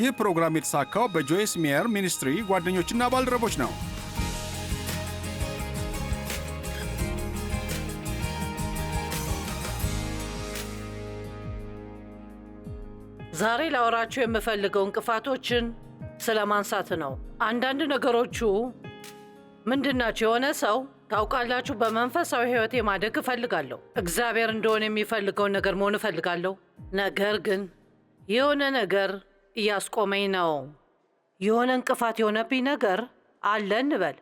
ይህ ፕሮግራም የተሳካው በጆይስ ሜየር ሚኒስትሪ ጓደኞችና ባልደረቦች ነው። ዛሬ ላወራችሁ የምፈልገው እንቅፋቶችን ስለ ማንሳት ነው። አንዳንድ ነገሮቹ ምንድናቸው? የሆነ ሰው ታውቃላችሁ፣ በመንፈሳዊ ሕይወቴ ማደግ እፈልጋለሁ፣ እግዚአብሔር እንደሆነ የሚፈልገውን ነገር መሆን እፈልጋለሁ። ነገር ግን የሆነ ነገር እያስቆመኝ ነው። የሆነ እንቅፋት የሆነብኝ ነገር አለ እንበል።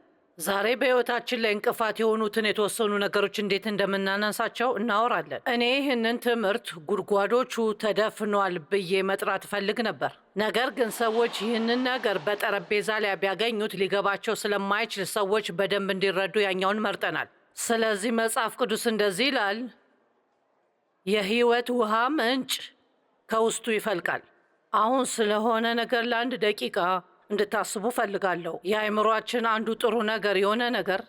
ዛሬ በሕይወታችን ላይ እንቅፋት የሆኑትን የተወሰኑ ነገሮች እንዴት እንደምናነሳቸው እናወራለን። እኔ ይህንን ትምህርት ጉድጓዶቹ ተደፍኗል ብዬ መጥራት እፈልግ ነበር፣ ነገር ግን ሰዎች ይህንን ነገር በጠረጴዛ ላይ ቢያገኙት ሊገባቸው ስለማይችል ሰዎች በደንብ እንዲረዱ ያኛውን መርጠናል። ስለዚህ መጽሐፍ ቅዱስ እንደዚህ ይላል፣ የሕይወት ውሃ ምንጭ ከውስጡ ይፈልቃል። አሁን ስለሆነ ነገር ለአንድ ደቂቃ እንድታስቡ ፈልጋለሁ። የአእምሯችን አንዱ ጥሩ ነገር የሆነ ነገር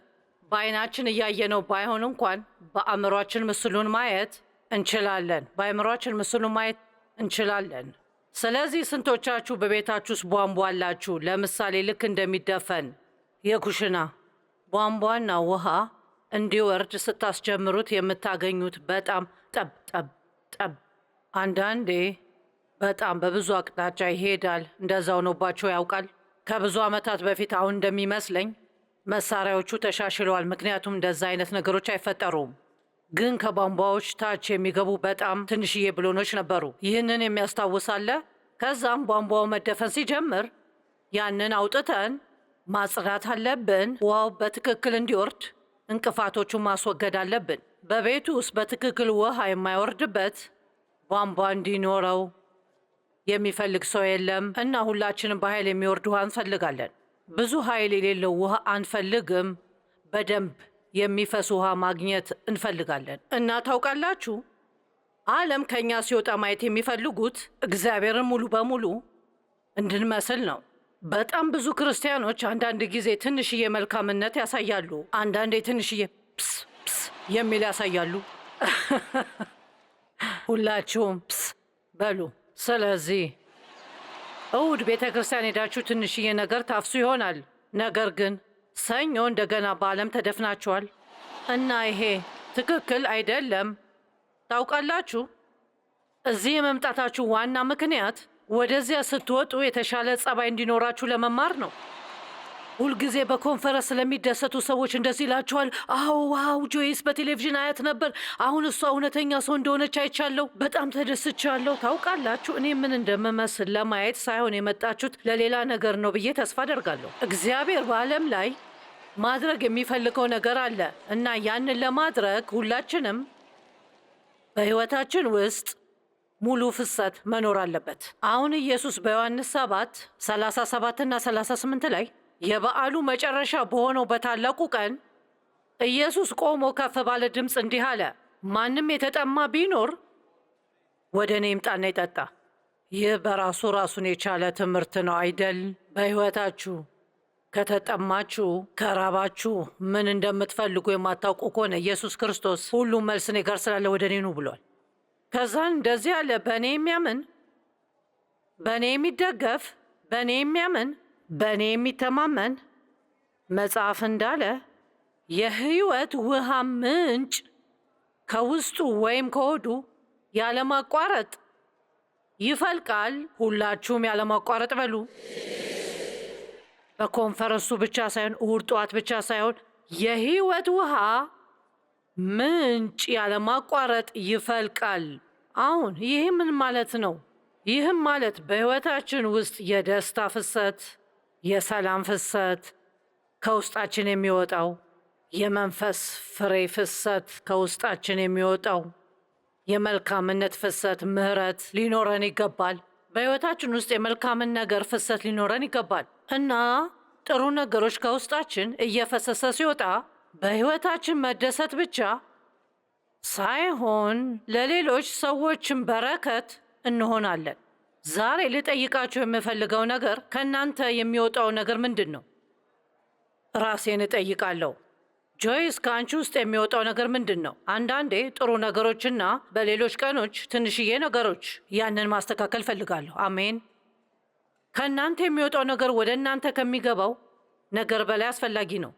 በአይናችን እያየነው ባይሆን እንኳን በአእምሯችን ምስሉን ማየት እንችላለን። በአእምሯችን ምስሉን ማየት እንችላለን። ስለዚህ ስንቶቻችሁ በቤታችሁ ውስጥ ቧንቧ አላችሁ? ለምሳሌ ልክ እንደሚደፈን የኩሽና ቧንቧና ውሃ እንዲወርድ ስታስጀምሩት የምታገኙት በጣም ጠብ ጠብ ጠብ አንዳንዴ በጣም በብዙ አቅጣጫ ይሄዳል። እንደዛው ነው ባቸው ያውቃል። ከብዙ ዓመታት በፊት አሁን እንደሚመስለኝ መሳሪያዎቹ ተሻሽለዋል፣ ምክንያቱም እንደዛ አይነት ነገሮች አይፈጠሩም። ግን ከቧንቧዎች ታች የሚገቡ በጣም ትንሽዬ ብሎኖች ነበሩ። ይህንን የሚያስታውሳለ። ከዛም ቧንቧው መደፈን ሲጀምር ያንን አውጥተን ማጽዳት አለብን። ውሃው በትክክል እንዲወርድ እንቅፋቶቹን ማስወገድ አለብን። በቤቱ ውስጥ በትክክል ውሃ የማይወርድበት ቧንቧ እንዲኖረው የሚፈልግ ሰው የለም እና ሁላችንም በኃይል የሚወርድ ውሃ እንፈልጋለን። ብዙ ኃይል የሌለው ውሃ አንፈልግም። በደንብ የሚፈስ ውሃ ማግኘት እንፈልጋለን። እና ታውቃላችሁ ዓለም ከእኛ ሲወጣ ማየት የሚፈልጉት እግዚአብሔርን ሙሉ በሙሉ እንድንመስል ነው። በጣም ብዙ ክርስቲያኖች አንዳንድ ጊዜ ትንሽዬ መልካምነት ያሳያሉ፣ አንዳንዴ ትንሽዬ ፕስ ፕስ የሚል ያሳያሉ። ሁላችሁም ፕስ በሉ። ስለዚህ እሁድ ቤተ ክርስቲያን ሄዳችሁ ትንሽዬ ነገር ታፍሱ ይሆናል። ነገር ግን ሰኞ እንደገና በዓለም ተደፍናችኋል እና ይሄ ትክክል አይደለም። ታውቃላችሁ፣ እዚህ የመምጣታችሁ ዋና ምክንያት ወደዚያ ስትወጡ የተሻለ ጸባይ እንዲኖራችሁ ለመማር ነው። ሁልጊዜ በኮንፈረንስ ለሚደሰቱ ሰዎች እንደዚህ ይላቸዋል። አዎ ዋው፣ ጆይስ በቴሌቪዥን አያት ነበር። አሁን እሷ እውነተኛ ሰው እንደሆነች አይቻለሁ። በጣም ተደስቻለሁ። ታውቃላችሁ፣ እኔ ምን እንደምመስል ለማየት ሳይሆን የመጣችሁት ለሌላ ነገር ነው ብዬ ተስፋ አደርጋለሁ። እግዚአብሔር በዓለም ላይ ማድረግ የሚፈልገው ነገር አለ እና ያንን ለማድረግ ሁላችንም በሕይወታችን ውስጥ ሙሉ ፍሰት መኖር አለበት። አሁን ኢየሱስ በዮሐንስ 7 37 እና 38 ላይ የበዓሉ መጨረሻ በሆነው በታላቁ ቀን ኢየሱስ ቆሞ ከፍ ባለ ድምፅ እንዲህ አለ፣ ማንም የተጠማ ቢኖር ወደ እኔ ይምጣና ይጠጣ። ይህ በራሱ ራሱን የቻለ ትምህርት ነው አይደል? በሕይወታችሁ ከተጠማችሁ፣ ከራባችሁ ምን እንደምትፈልጉ የማታውቁ ከሆነ ኢየሱስ ክርስቶስ ሁሉም መልስ እኔ ጋር ስላለ ወደ እኔ ኑ ብሏል። ከዛን እንደዚህ አለ፣ በእኔ የሚያምን በእኔ የሚደገፍ በእኔ የሚያምን በእኔ የሚተማመን መጽሐፍ እንዳለ የሕይወት ውሃ ምንጭ ከውስጡ ወይም ከሆዱ ያለማቋረጥ ይፈልቃል። ሁላችሁም ያለማቋረጥ በሉ። በኮንፈረንሱ ብቻ ሳይሆን እሑድ ጠዋት ብቻ ሳይሆን የሕይወት ውሃ ምንጭ ያለማቋረጥ ይፈልቃል። አሁን ይህ ምን ማለት ነው? ይህም ማለት በሕይወታችን ውስጥ የደስታ ፍሰት የሰላም ፍሰት ከውስጣችን የሚወጣው የመንፈስ ፍሬ ፍሰት ከውስጣችን የሚወጣው የመልካምነት ፍሰት ምህረት ሊኖረን ይገባል። በሕይወታችን ውስጥ የመልካምን ነገር ፍሰት ሊኖረን ይገባል እና ጥሩ ነገሮች ከውስጣችን እየፈሰሰ ሲወጣ በሕይወታችን መደሰት ብቻ ሳይሆን ለሌሎች ሰዎችን በረከት እንሆናለን። ዛሬ ልጠይቃችሁ የምፈልገው ነገር ከእናንተ የሚወጣው ነገር ምንድን ነው? ራሴን እጠይቃለሁ። ጆይስ፣ ከአንቺ ውስጥ የሚወጣው ነገር ምንድን ነው? አንዳንዴ ጥሩ ነገሮችና በሌሎች ቀኖች ትንሽዬ ነገሮች፣ ያንን ማስተካከል ፈልጋለሁ። አሜን። ከእናንተ የሚወጣው ነገር ወደ እናንተ ከሚገባው ነገር በላይ አስፈላጊ ነው።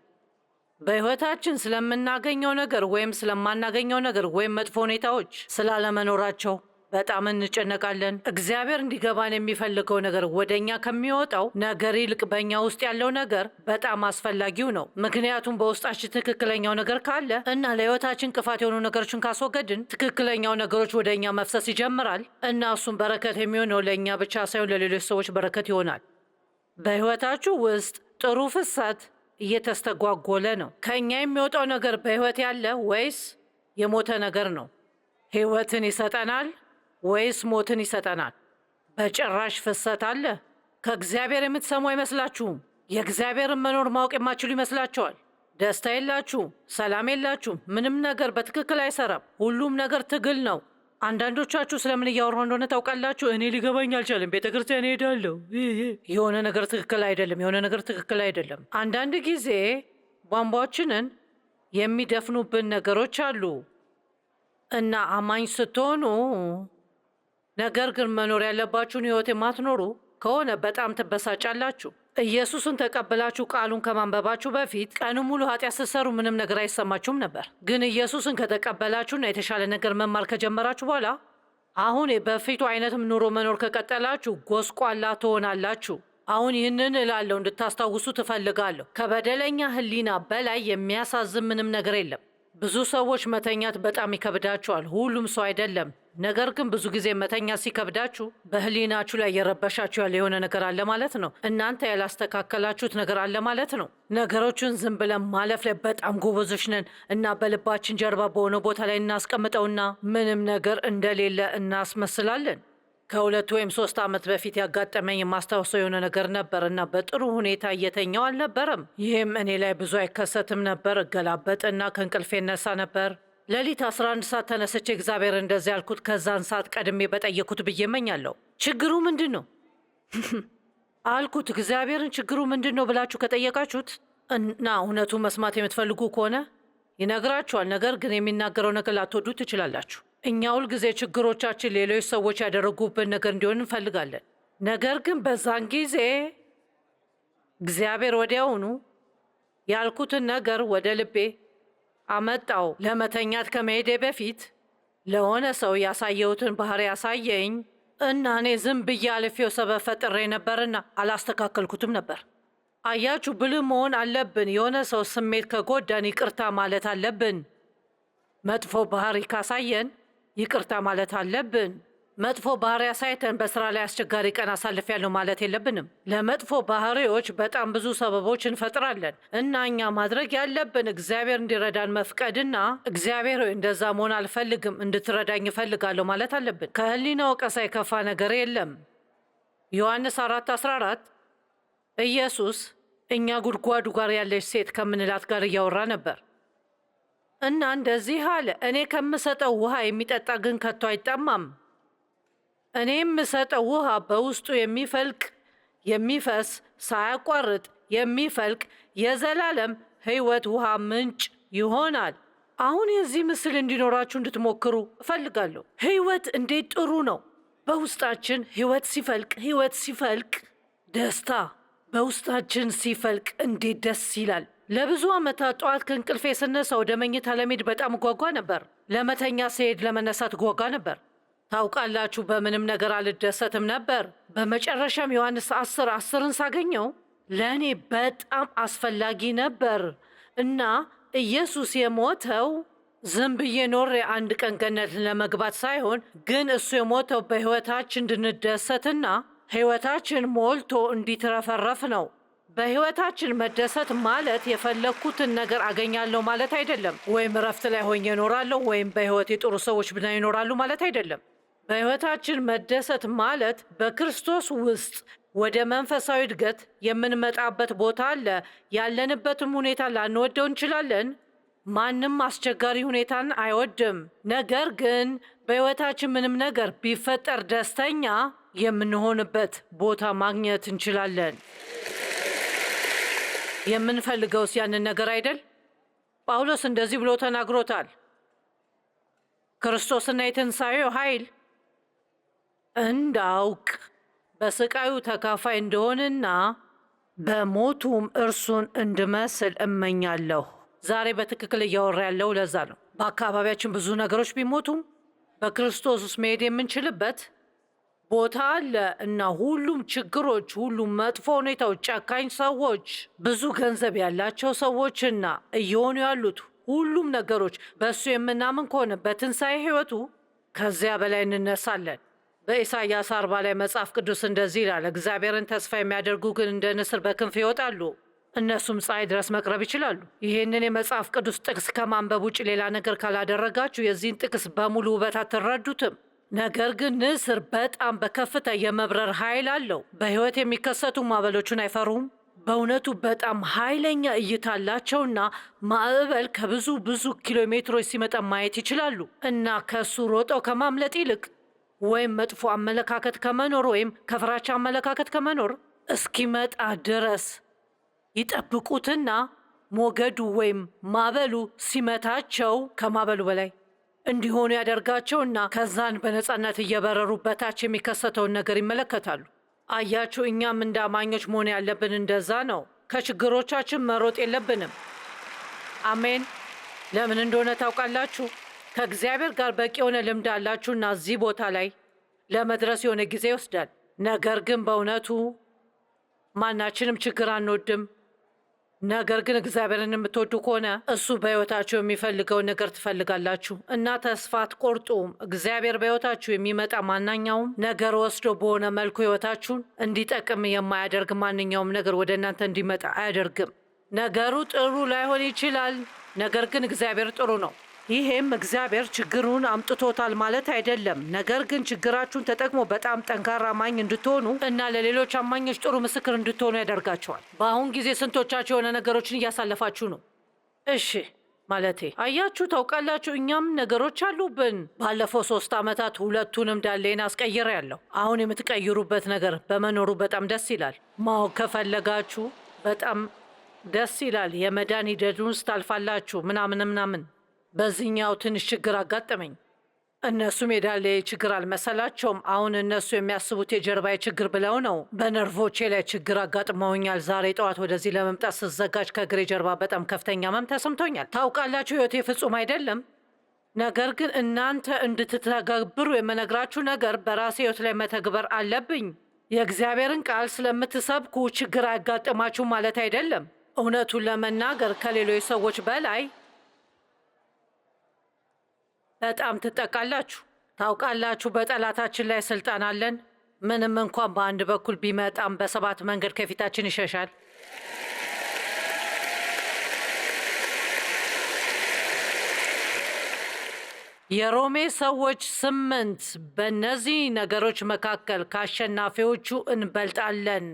በሕይወታችን ስለምናገኘው ነገር ወይም ስለማናገኘው ነገር ወይም መጥፎ ሁኔታዎች ስላለመኖራቸው በጣም እንጨነቃለን። እግዚአብሔር እንዲገባን የሚፈልገው ነገር ወደኛ ከሚወጣው ነገር ይልቅ በእኛ ውስጥ ያለው ነገር በጣም አስፈላጊው ነው። ምክንያቱም በውስጣችን ትክክለኛው ነገር ካለ እና ለህይወታችን እንቅፋት የሆኑ ነገሮችን ካስወገድን ትክክለኛው ነገሮች ወደ እኛ መፍሰስ ይጀምራል እና እሱም በረከት የሚሆነው ለእኛ ብቻ ሳይሆን ለሌሎች ሰዎች በረከት ይሆናል። በህይወታችሁ ውስጥ ጥሩ ፍሰት እየተስተጓጎለ ነው። ከእኛ የሚወጣው ነገር በህይወት ያለ ወይስ የሞተ ነገር ነው? ህይወትን ይሰጠናል ወይስ ሞትን ይሰጠናል? በጭራሽ ፍሰት አለ። ከእግዚአብሔር የምትሰሙ አይመስላችሁም። የእግዚአብሔርን መኖር ማወቅ የማችሉ ይመስላችኋል። ደስታ የላችሁ ሰላም የላችሁ ምንም ነገር በትክክል አይሰራም። ሁሉም ነገር ትግል ነው። አንዳንዶቻችሁ ስለምን እያወራ እንደሆነ ታውቃላችሁ? እኔ ሊገባኝ አልቻለም። ቤተ ክርስቲያን እሄዳለሁ። የሆነ ነገር ትክክል አይደለም፣ የሆነ ነገር ትክክል አይደለም። አንዳንድ ጊዜ ቧንቧችንን የሚደፍኑብን ነገሮች አሉ እና አማኝ ስትሆኑ ነገር ግን መኖር ያለባችሁን ሕይወት የማትኖሩ ከሆነ በጣም ትበሳጫላችሁ። ኢየሱስን ተቀብላችሁ ቃሉን ከማንበባችሁ በፊት ቀኑ ሙሉ ኃጢአት ስትሰሩ ምንም ነገር አይሰማችሁም ነበር። ግን ኢየሱስን ከተቀበላችሁና የተሻለ ነገር መማር ከጀመራችሁ በኋላ አሁን በፊቱ አይነትም ኑሮ መኖር ከቀጠላችሁ ጎስቋላ ትሆናላችሁ። አሁን ይህንን እላለሁ እንድታስታውሱ ትፈልጋለሁ። ከበደለኛ ህሊና በላይ የሚያሳዝን ምንም ነገር የለም። ብዙ ሰዎች መተኛት በጣም ይከብዳቸዋል። ሁሉም ሰው አይደለም። ነገር ግን ብዙ ጊዜ መተኛ ሲከብዳችሁ በህሊናችሁ ላይ የረበሻችሁ ያለ የሆነ ነገር አለ ማለት ነው። እናንተ ያላስተካከላችሁት ነገር አለ ማለት ነው። ነገሮችን ዝም ብለን ማለፍ ላይ በጣም ጎበዞች ነን እና በልባችን ጀርባ በሆነ ቦታ ላይ እናስቀምጠውና ምንም ነገር እንደሌለ እናስመስላለን። ከሁለት ወይም ሶስት ዓመት በፊት ያጋጠመኝ የማስታውሰው የሆነ ነገር ነበር እና በጥሩ ሁኔታ እየተኛው አልነበረም። ይህም እኔ ላይ ብዙ አይከሰትም ነበር። እገላበጥና ከእንቅልፌ እነሳ ነበር ሌሊት 11 ሰዓት ተነስቼ እግዚአብሔር እንደዚህ ያልኩት ከዛን ሰዓት ቀድሜ በጠየኩት ብዬ እመኛለሁ። ችግሩ ምንድን ነው አልኩት። እግዚአብሔርን ችግሩ ምንድን ነው ብላችሁ ከጠየቃችሁት እና እውነቱ መስማት የምትፈልጉ ከሆነ ይነግራችኋል። ነገር ግን የሚናገረው ነገር ላትወዱ ትችላላችሁ። እኛ ሁልጊዜ ችግሮቻችን ሌሎች ሰዎች ያደረጉብን ነገር እንዲሆን እንፈልጋለን። ነገር ግን በዛን ጊዜ እግዚአብሔር ወዲያውኑ ያልኩትን ነገር ወደ ልቤ አመጣው። ለመተኛት ከመሄዴ በፊት ለሆነ ሰው ያሳየሁትን ባህሪ ያሳየኝ እና እኔ ዝም ብዬ አልፌው ሰበብ ፈጥሬ ነበርና አላስተካከልኩትም ነበር። አያችሁ፣ ብልህ መሆን አለብን። የሆነ ሰው ስሜት ከጎዳን ይቅርታ ማለት አለብን። መጥፎ ባህሪ ካሳየን ይቅርታ ማለት አለብን። መጥፎ ባህሪ ሳይተን በስራ ላይ አስቸጋሪ ቀን አሳልፍ ያለው ማለት የለብንም። ለመጥፎ ባህሪዎች በጣም ብዙ ሰበቦች እንፈጥራለን እና እኛ ማድረግ ያለብን እግዚአብሔር እንዲረዳን መፍቀድና እግዚአብሔር ሆይ እንደዛ መሆን አልፈልግም፣ እንድትረዳኝ እፈልጋለሁ ማለት አለብን። ከህሊና ወቀሳ የከፋ ነገር የለም። ዮሐንስ 4 14 ኢየሱስ እኛ ጉድጓዱ ጋር ያለች ሴት ከምንላት ጋር እያወራ ነበር እና እንደዚህ አለ፣ እኔ ከምሰጠው ውሃ የሚጠጣ ግን ከቶ አይጠማም እኔም ምሰጠው ውሃ በውስጡ የሚፈልቅ የሚፈስ ሳያቋርጥ የሚፈልቅ የዘላለም ሕይወት ውሃ ምንጭ ይሆናል። አሁን የዚህ ምስል እንዲኖራችሁ እንድትሞክሩ እፈልጋለሁ። ሕይወት እንዴት ጥሩ ነው! በውስጣችን ሕይወት ሲፈልቅ ሕይወት ሲፈልቅ ደስታ በውስጣችን ሲፈልቅ እንዴት ደስ ይላል! ለብዙ ዓመታት ጠዋት ከእንቅልፌ ስነሳ ወደ መኝታ ለመሄድ በጣም ጓጓ ነበር። ለመተኛ ስሄድ ለመነሳት ጓጓ ነበር። ታውቃላችሁ በምንም ነገር አልደሰትም ነበር። በመጨረሻም ዮሐንስ አስር አስርን ሳገኘው ለእኔ በጣም አስፈላጊ ነበር እና ኢየሱስ የሞተው ዝም ብዬ የአንድ አንድ ቀን ገነት ለመግባት ሳይሆን ግን እሱ የሞተው በሕይወታችን እንድንደሰትና ሕይወታችን ሞልቶ እንዲትረፈረፍ ነው። በሕይወታችን መደሰት ማለት የፈለግኩትን ነገር አገኛለሁ ማለት አይደለም። ወይም እረፍት ላይ ሆኜ እኖራለሁ ወይም በሕይወቴ ጥሩ ሰዎች ብና ይኖራሉ ማለት አይደለም። በሕይወታችን መደሰት ማለት በክርስቶስ ውስጥ ወደ መንፈሳዊ እድገት የምንመጣበት ቦታ አለ። ያለንበትም ሁኔታ ላንወደው እንችላለን። ማንም አስቸጋሪ ሁኔታን አይወድም። ነገር ግን በሕይወታችን ምንም ነገር ቢፈጠር ደስተኛ የምንሆንበት ቦታ ማግኘት እንችላለን። የምንፈልገውስ ያንን ነገር አይደል? ጳውሎስ እንደዚህ ብሎ ተናግሮታል። ክርስቶስና የትንሣኤው ኃይል እንዳውቅ በስቃዩ ተካፋይ እንደሆንና በሞቱም እርሱን እንድመስል እመኛለሁ። ዛሬ በትክክል እያወራ ያለው ለዛ ነው። በአካባቢያችን ብዙ ነገሮች ቢሞቱም በክርስቶስ ውስጥ መሄድ የምንችልበት ቦታ አለ እና ሁሉም ችግሮች፣ ሁሉም መጥፎ ሁኔታዎች፣ ጨካኝ ሰዎች፣ ብዙ ገንዘብ ያላቸው ሰዎችና እየሆኑ ያሉት ሁሉም ነገሮች በእሱ የምናምን ከሆነ በትንሣኤ ሕይወቱ ከዚያ በላይ እንነሳለን። በኢሳያስ አርባ ላይ መጽሐፍ ቅዱስ እንደዚህ ይላል፣ እግዚአብሔርን ተስፋ የሚያደርጉ ግን እንደ ንስር በክንፍ ይወጣሉ፣ እነሱም ፀሐይ ድረስ መቅረብ ይችላሉ። ይህንን የመጽሐፍ ቅዱስ ጥቅስ ከማንበብ ውጭ ሌላ ነገር ካላደረጋችሁ የዚህን ጥቅስ በሙሉ ውበት አትረዱትም። ነገር ግን ንስር በጣም በከፍታ የመብረር ኃይል አለው። በሕይወት የሚከሰቱ ማዕበሎችን አይፈሩም። በእውነቱ በጣም ኃይለኛ እይታ አላቸውና ማዕበል ከብዙ ብዙ ኪሎ ሜትሮች ሲመጣ ማየት ይችላሉ እና ከሱ ሮጠው ከማምለጥ ይልቅ ወይም መጥፎ አመለካከት ከመኖር ወይም ከፍራቻ አመለካከት ከመኖር እስኪመጣ ድረስ ይጠብቁትና ሞገዱ ወይም ማበሉ ሲመታቸው ከማበሉ በላይ እንዲሆኑ ያደርጋቸውና ከዛን በነፃነት እየበረሩ በታች የሚከሰተውን ነገር ይመለከታሉ። አያችሁ፣ እኛም እንደ አማኞች መሆን ያለብን እንደዛ ነው። ከችግሮቻችን መሮጥ የለብንም። አሜን። ለምን እንደሆነ ታውቃላችሁ? ከእግዚአብሔር ጋር በቂ የሆነ ልምድ አላችሁና እዚህ ቦታ ላይ ለመድረስ የሆነ ጊዜ ይወስዳል። ነገር ግን በእውነቱ ማናችንም ችግር አንወድም። ነገር ግን እግዚአብሔርን የምትወዱ ከሆነ እሱ በሕይወታችሁ የሚፈልገውን ነገር ትፈልጋላችሁ እና ተስፋ አትቆርጡም። እግዚአብሔር በሕይወታችሁ የሚመጣ ማናኛውም ነገር ወስዶ በሆነ መልኩ ሕይወታችሁን እንዲጠቅም የማያደርግ ማንኛውም ነገር ወደ እናንተ እንዲመጣ አያደርግም። ነገሩ ጥሩ ላይሆን ይችላል፣ ነገር ግን እግዚአብሔር ጥሩ ነው። ይሄም እግዚአብሔር ችግሩን አምጥቶታል ማለት አይደለም። ነገር ግን ችግራችሁን ተጠቅሞ በጣም ጠንካራ አማኝ እንድትሆኑ እና ለሌሎች አማኞች ጥሩ ምስክር እንድትሆኑ ያደርጋቸዋል። በአሁን ጊዜ ስንቶቻችሁ የሆነ ነገሮችን እያሳለፋችሁ ነው? እሺ ማለቴ አያችሁ፣ ታውቃላችሁ፣ እኛም ነገሮች አሉብን። ባለፈው ሶስት ዓመታት ሁለቱንም ዳሌን አስቀይር ያለው አሁን የምትቀይሩበት ነገር በመኖሩ በጣም ደስ ይላል። ማወቅ ከፈለጋችሁ በጣም ደስ ይላል። የመዳን ሂደቱን ስታልፋላችሁ ምናምን ምናምን በዚህኛው ትንሽ ችግር አጋጠመኝ። እነሱ ሜዳሊያ ችግር አልመሰላቸውም። አሁን እነሱ የሚያስቡት የጀርባ ችግር ብለው ነው። በነርቮቼ ላይ ችግር አጋጥመውኛል። ዛሬ ጠዋት ወደዚህ ለመምጣት ስዘጋጅ ከእግሬ ጀርባ በጣም ከፍተኛ ህመም ተሰምቶኛል። ታውቃላችሁ፣ ህይወቴ ፍጹም አይደለም። ነገር ግን እናንተ እንድትተገብሩ የምነግራችሁ ነገር በራሴ ህይወት ላይ መተግበር አለብኝ። የእግዚአብሔርን ቃል ስለምትሰብኩ ችግር አያጋጥማችሁ ማለት አይደለም። እውነቱን ለመናገር ከሌሎች ሰዎች በላይ በጣም ትጠቃላችሁ። ታውቃላችሁ፣ በጠላታችን ላይ ስልጣን አለን። ምንም እንኳን በአንድ በኩል ቢመጣም በሰባት መንገድ ከፊታችን ይሸሻል። የሮሜ ሰዎች ስምንት በእነዚህ ነገሮች መካከል ከአሸናፊዎቹ እንበልጣለን።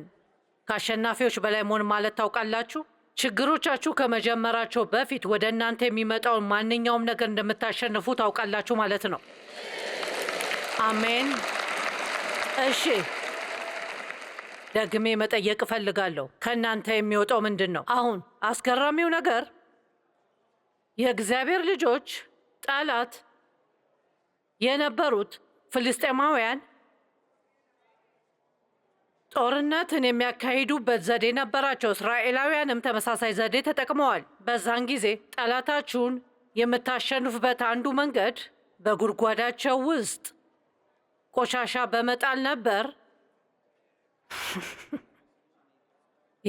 ከአሸናፊዎች በላይ መሆን ማለት ታውቃላችሁ ችግሮቻችሁ ከመጀመራቸው በፊት ወደ እናንተ የሚመጣውን ማንኛውም ነገር እንደምታሸንፉ ታውቃላችሁ ማለት ነው። አሜን። እሺ፣ ደግሜ መጠየቅ እፈልጋለሁ። ከእናንተ የሚወጣው ምንድን ነው? አሁን አስገራሚው ነገር የእግዚአብሔር ልጆች ጠላት የነበሩት ፍልስጤማውያን ጦርነትን የሚያካሂዱበት ዘዴ ነበራቸው። እስራኤላውያንም ተመሳሳይ ዘዴ ተጠቅመዋል። በዛን ጊዜ ጠላታችሁን የምታሸንፉበት አንዱ መንገድ በጉድጓዳቸው ውስጥ ቆሻሻ በመጣል ነበር።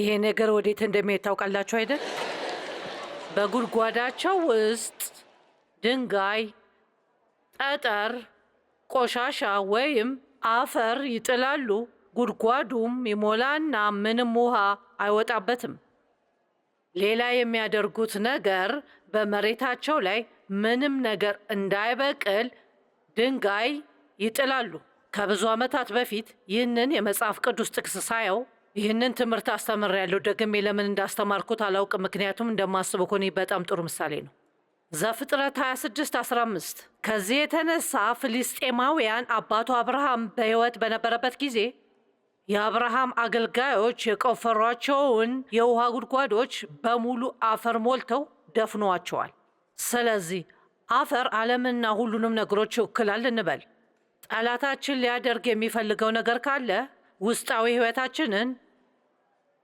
ይሄ ነገር ወዴት እንደሚሄድ ታውቃላችሁ አይደል? በጉድጓዳቸው ውስጥ ድንጋይ፣ ጠጠር፣ ቆሻሻ ወይም አፈር ይጥላሉ። ጉድጓዱም ይሞላና ምንም ውሃ አይወጣበትም። ሌላ የሚያደርጉት ነገር በመሬታቸው ላይ ምንም ነገር እንዳይበቅል ድንጋይ ይጥላሉ። ከብዙ ዓመታት በፊት ይህንን የመጽሐፍ ቅዱስ ጥቅስ ሳየው ይህንን ትምህርት አስተምሬያለሁ። ደግሜ ለምን እንዳስተማርኩት አላውቅም፣ ምክንያቱም እንደማስበው ከሆነ በጣም ጥሩ ምሳሌ ነው። ዘፍጥረት 26 ከዚህ የተነሳ ፍልስጤማውያን አባቱ አብርሃም በሕይወት በነበረበት ጊዜ የአብርሃም አገልጋዮች የቆፈሯቸውን የውሃ ጉድጓዶች በሙሉ አፈር ሞልተው ደፍኗቸዋል። ስለዚህ አፈር ዓለምና ሁሉንም ነገሮች ይወክላል እንበል። ጠላታችን ሊያደርግ የሚፈልገው ነገር ካለ ውስጣዊ ሕይወታችንን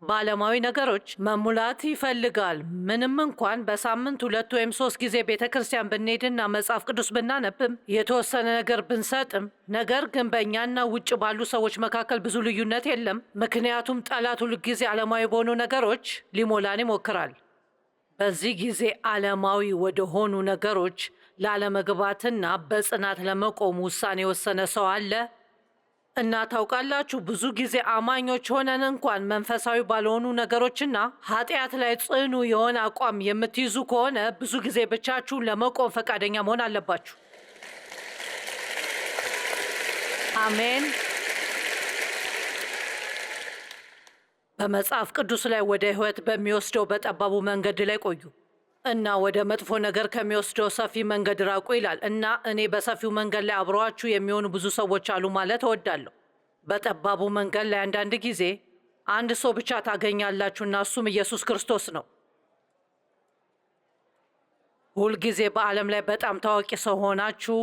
በዓለማዊ ነገሮች መሙላት ይፈልጋል። ምንም እንኳን በሳምንት ሁለት ወይም ሶስት ጊዜ ቤተ ክርስቲያን ብንሄድና መጽሐፍ ቅዱስ ብናነብም የተወሰነ ነገር ብንሰጥም፣ ነገር ግን በእኛና ውጭ ባሉ ሰዎች መካከል ብዙ ልዩነት የለም። ምክንያቱም ጠላት ሁል ጊዜ ዓለማዊ በሆኑ ነገሮች ሊሞላን ይሞክራል። በዚህ ጊዜ ዓለማዊ ወደሆኑ ነገሮች ላለመግባትና በጽናት ለመቆም ውሳኔ የወሰነ ሰው አለ እና ታውቃላችሁ ብዙ ጊዜ አማኞች ሆነን እንኳን መንፈሳዊ ባልሆኑ ነገሮችና ኃጢአት ላይ ጽኑ የሆነ አቋም የምትይዙ ከሆነ ብዙ ጊዜ ብቻችሁን ለመቆም ፈቃደኛ መሆን አለባችሁ። አሜን። በመጽሐፍ ቅዱስ ላይ ወደ ሕይወት በሚወስደው በጠባቡ መንገድ ላይ ቆዩ። እና ወደ መጥፎ ነገር ከሚወስደው ሰፊ መንገድ ራቁ ይላል። እና እኔ በሰፊው መንገድ ላይ አብረዋችሁ የሚሆኑ ብዙ ሰዎች አሉ ማለት እወዳለሁ። በጠባቡ መንገድ ላይ አንዳንድ ጊዜ አንድ ሰው ብቻ ታገኛላችሁና እሱም ኢየሱስ ክርስቶስ ነው። ሁልጊዜ በዓለም ላይ በጣም ታዋቂ ሰው ሆናችሁ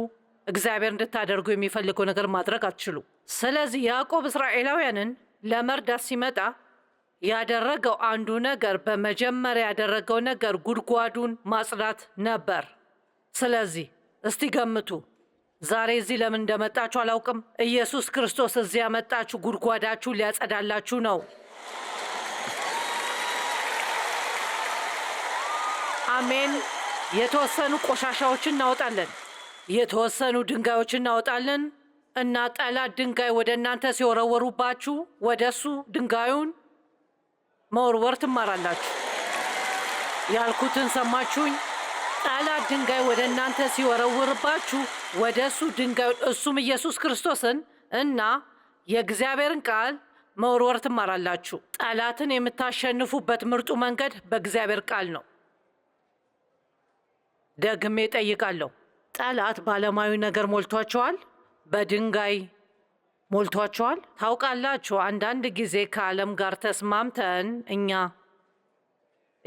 እግዚአብሔር እንድታደርጉ የሚፈልገው ነገር ማድረግ አትችሉ። ስለዚህ ያዕቆብ እስራኤላውያንን ለመርዳት ሲመጣ ያደረገው አንዱ ነገር በመጀመሪያ ያደረገው ነገር ጉድጓዱን ማጽዳት ነበር። ስለዚህ እስቲ ገምቱ ዛሬ እዚህ ለምን እንደመጣችሁ አላውቅም። ኢየሱስ ክርስቶስ እዚህ ያመጣችሁ ጉድጓዳችሁ ሊያጸዳላችሁ ነው። አሜን። የተወሰኑ ቆሻሻዎችን እናወጣለን፣ የተወሰኑ ድንጋዮችን እናወጣለን እና ጠላት ድንጋይ ወደ እናንተ ሲወረወሩባችሁ ወደ እሱ ድንጋዩን መወርወር ትማራላችሁ። ያልኩትን ሰማችሁኝ? ጠላት ድንጋይ ወደ እናንተ ሲወረውርባችሁ ወደ እሱ ድንጋዩን እሱም ኢየሱስ ክርስቶስን እና የእግዚአብሔርን ቃል መወርወር ትማራላችሁ። ጠላትን የምታሸንፉበት ምርጡ መንገድ በእግዚአብሔር ቃል ነው። ደግሜ ጠይቃለሁ፣ ጠላት ባለማዊ ነገር ሞልቷቸዋል? በድንጋይ ሞልቷቸዋል። ታውቃላችሁ፣ አንዳንድ ጊዜ ከዓለም ጋር ተስማምተን እኛ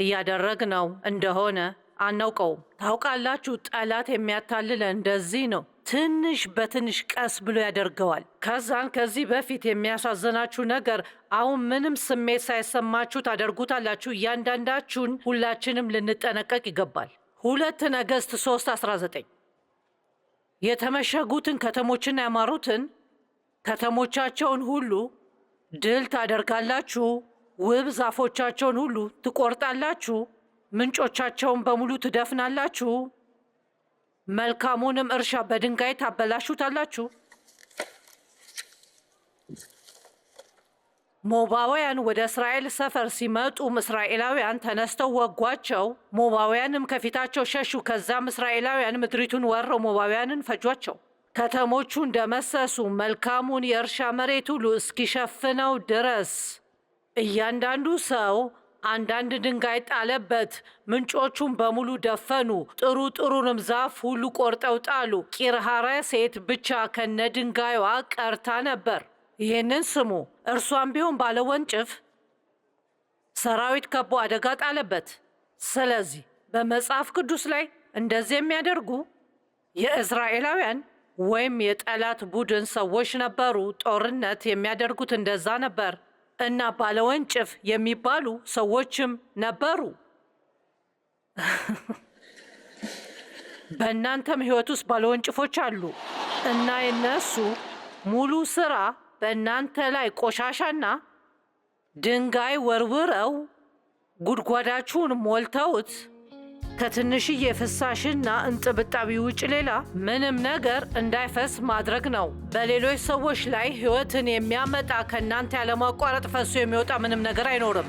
እያደረግነው እንደሆነ አናውቀውም። ታውቃላችሁ፣ ጠላት የሚያታልለን እንደዚህ ነው። ትንሽ በትንሽ ቀስ ብሎ ያደርገዋል። ከዛን ከዚህ በፊት የሚያሳዝናችሁ ነገር አሁን ምንም ስሜት ሳይሰማችሁ ታደርጉታላችሁ። እያንዳንዳችሁን ሁላችንም ልንጠነቀቅ ይገባል። ሁለት ነገሥት 3 19 የተመሸጉትን ከተሞችና ያማሩትን ከተሞቻቸውን ሁሉ ድል ታደርጋላችሁ፣ ውብ ዛፎቻቸውን ሁሉ ትቆርጣላችሁ፣ ምንጮቻቸውን በሙሉ ትደፍናላችሁ፣ መልካሙንም እርሻ በድንጋይ ታበላሹታላችሁ። ሞባውያን ወደ እስራኤል ሰፈር ሲመጡም እስራኤላውያን ተነስተው ወጓቸው። ሞባውያንም ከፊታቸው ሸሹ። ከዛም እስራኤላውያን ምድሪቱን ወረው ሞባውያንን ፈጇቸው። ከተሞቹ እንደመሰሱ መልካሙን የእርሻ መሬት ሁሉ እስኪሸፍነው ድረስ እያንዳንዱ ሰው አንዳንድ ድንጋይ ጣለበት። ምንጮቹን በሙሉ ደፈኑ፣ ጥሩ ጥሩንም ዛፍ ሁሉ ቆርጠው ጣሉ። ቂርሃረ ሴት ብቻ ከነ ድንጋዩዋ ቀርታ ነበር። ይህንን ስሙ። እርሷም ቢሆን ባለ ወንጭፍ ሰራዊት ከቦ አደጋ ጣለበት። ስለዚህ በመጽሐፍ ቅዱስ ላይ እንደዚህ የሚያደርጉ የእስራኤላውያን ወይም የጠላት ቡድን ሰዎች ነበሩ። ጦርነት የሚያደርጉት እንደዛ ነበር እና ባለወንጭፍ የሚባሉ ሰዎችም ነበሩ። በእናንተም ህይወት ውስጥ ባለወንጭፎች አሉ እና የነሱ ሙሉ ስራ በእናንተ ላይ ቆሻሻና ድንጋይ ወርውረው ጉድጓዳችሁን ሞልተውት ከትንሽዬ ፍሳሽና እንጥብጣቢ ውጭ ሌላ ምንም ነገር እንዳይፈስ ማድረግ ነው። በሌሎች ሰዎች ላይ ሕይወትን የሚያመጣ ከእናንተ ያለማቋረጥ ፈሶ የሚወጣ ምንም ነገር አይኖርም።